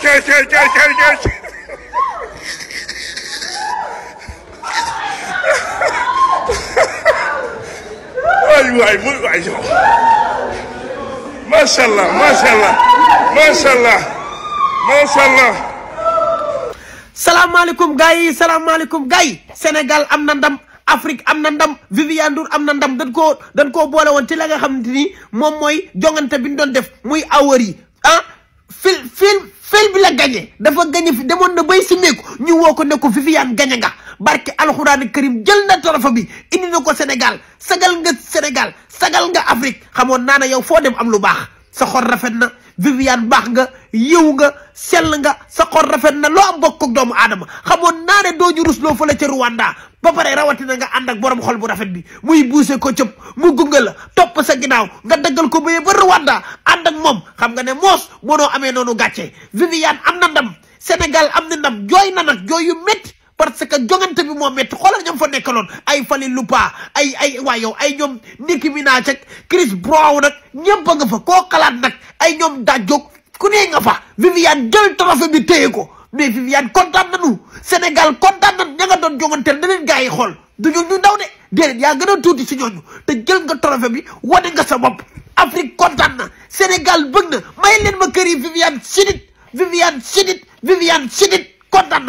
cay cay cay cay cay waay waay am na ndam Afrique am na ndam Viviane am na ndam dañ koo dañ koo boole woon ci la nga xamante ni moom mooy jongante bi doon def muy awar ah fil gañe dafa gañe fi demoon na bay simeeku ñu woo ko ne ko Viviane gañe nga barke alxuraan karim jël na trophée bi indi na ko Sénégal sagal nga Sénégal sagal nga Afrique xamoon naa ne yow foo dem am lu baax sa xol rafet na Viviane baax nga yiw nga sell nga sa xol rafet na loo am bokk ak doomu aadama xamoon naa ne dooñu rusloo fële ca Rwanda ba pare rawatina nga ànd ak borom xol bu rafet bi muy buuse ko cëpp mu gunge la topp sa ginnaaw nga daggal ko ba béyee ba Rwanda ànd ak moom xam nga ne moos mënoo amee noonu gàcce Viviane am na ndam Sénégal am na ndam jooy na nag jooy yu parce que jogante bi moo métti xoolal ñoom fa nekkaloon ay Fally Ipupa ay ay yow ay ñoom Nicki Minaj ak Chris Brown nag ñëpp a nga fa koo xalaat nag ay ñoom dajjog ku nee nga fa Viviane jël trophée bi téye ko mais Viviane kontaan nañu Sénégal kontaan nañu ña doon joganteel na leen gars xool du ñu ñu ndaw de déedéet yaa gën a tuuti si ñooñu te jël nga trophée bi wane nga sa bopp Afrique kontaan na Sénégal bëgg na may leen ma kër yi Viviane sidit Viviane sidit Viviane sidit kontaan